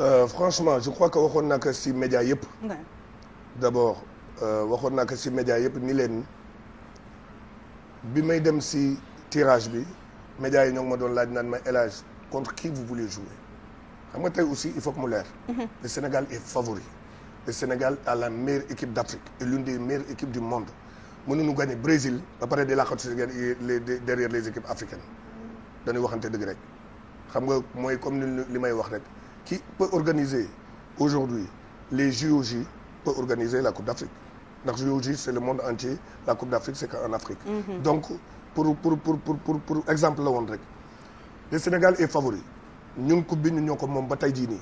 Euh, franchement je crois que waxoon naa ko si média yëpp. d'abord euh, waxoon naa si média yëpp ni leen bi may dem si tirage bi média yi ñoo ngi ma doon laaj naan ma élage contre qui vous voulez jouer xam nga tey aussi il faut que mu leer. Mhm. le Sénégal est favori. le Sénégal a la meilleure équipe d'Afrique et l'une des meilleures équipes du monde mënuñu gagner Brésil ba pare di laqatu si derrière les équipes africaines dañuy waxante dëgg rek xam nga mooy comme ni li may wax rek. qui peut organiser aujourd'hui les JOJ peut organiser la Coupe d'Afrique ndax JOJ c'est le monde entier la Coupe d'Afrique c'est qu'en Afrique mhm. donc pour pour pour pour pour, exemple la woon rek le Sénégal est favori ñun coupe bi ñun ñoo ko moom ba tey jii nii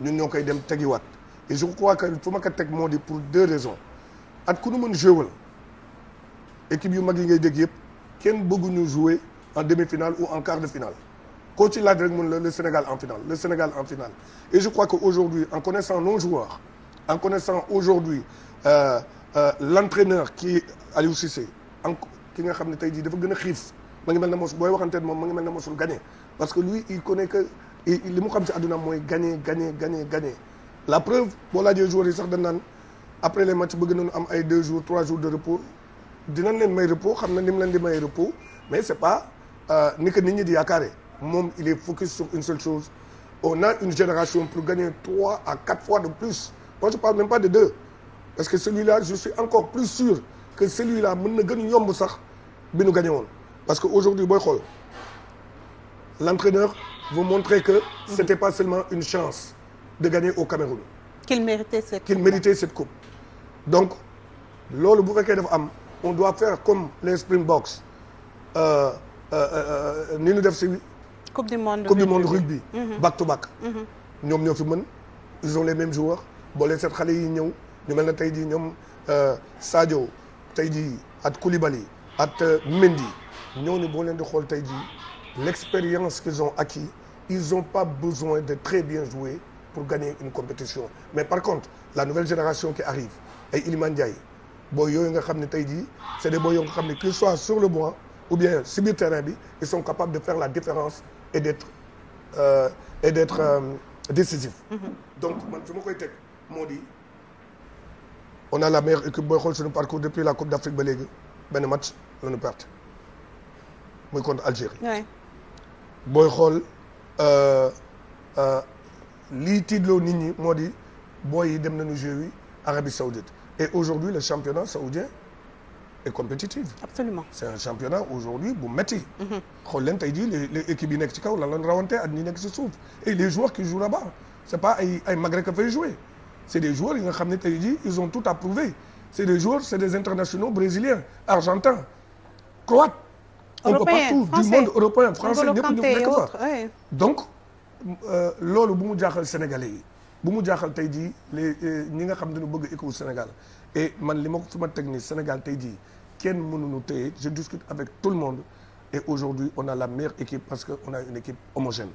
ñun ñoo koy dem tegiwaat et je crois que fu ma ko teg moo di pour deux raisons at ku nu mën jouer équipe yu mag yi ngay dégg yëpp kenn bëgguñu jouer en demi-finale ou en quart de finale koo ci laaj rek mun la Sénégal en finale le Sénégal en finale et je crois que aujourd'hui en connaissant nos joueurs en connaissant aujourd'hui euh, euh, l'entraîneur qui est en ki nga xam ne tey jii dafa gën a xiif ma ngi mel ne mosul booy waxanteen moom ma ngi mel ne mosul gagné parce que lui il connaît que li mu xam ci àdduna mooy gagné gagné gagné gagné la preuve boo laajee joueurs yi sax dañ naan après les matchs bëgg na nañu am ay deux jours trois jours de repos dinañ leen may repos xam na ni mu leen di may repos mais c'est pas euh, ni que nit ñi di moom il est focus sur une seule chose on a une génération pour gagner trois à quatre fois de plus moi je parle même pas de deux parce que celui-là je suis encore plus sûr que celui-là mën na gën yomb sax be nu gagné parce que aujourd'hui booy xool l'entraîneur veut montrer que mhm. c'était pas seulement une chance de gagner au Cameroun qu'il méritait cette coupe donc loolu bu fekkee dafa am on doit faire comme les Springboks euh, euh, euh, ni ñu def si coupe du monde coupe du monde rugby. Mhm. back to back. Mhm. ñoom ñoo fi mën ils ont les mêmes joueurs boo leen seet xale yi ñëw ñu mel na tey jii ñoom euh, Sadio tey jii at Koulibaly at euh, Mendy ñooñu boo leen di xool tey jii l'expérience qu'ils ont acquis ils ont pas besoin de très bien jouer pour gagner une compétition mais par contre la nouvelle génération qui arrive ay Iliman Ndiaye booy yooyu nga xam ne tey jii c'est des booy yoo nga xam ne qu'ils soient sur le banc ou bien si terrain bi ils sont capables la et d'être euh, et euh, décisif. Mhm. donc man fi ma koy teg moo di on a la meilleure équipe booy xool suñu parcours depuis la Coupe d'Afrique ba léegi benn match la ñu perte muy contre Algérie. booy xool euh, euh, lii tiidloo nit ñi moo di booy dem nañu jouer wi Arabie Saoudite et aujourd'hui le championnat saoudien. et compétitive. absolument un championnat aujourd'hui bu métti. Mhm. xool leen tey jii les les équipes yi nekk ci kaw lan lañ rawante ak ñi nekk ci suuf et les joueurs qui jouent là-bas c' pas ay ay mag rek jouer c' des joueurs yi nga xam ne tey jii ils ont tout à prouver c' est des joueurs c' est des internationaux brésiliens argentins croates. européens on peut partout du monde européen français ñëpp ñu nekk donc euh, loolu bu mu jaaxal sénégalais yi. bu mu jaaxal tey jii les ni eh, nga xam dañu bëgg écho Sénégal et man li ma ko fi ma teg nii Sénégal tey jii kenn mënuñu téye je discute avec tout le monde et aujourd'hui on a la meilleure équipe parce que on a une équipe homogène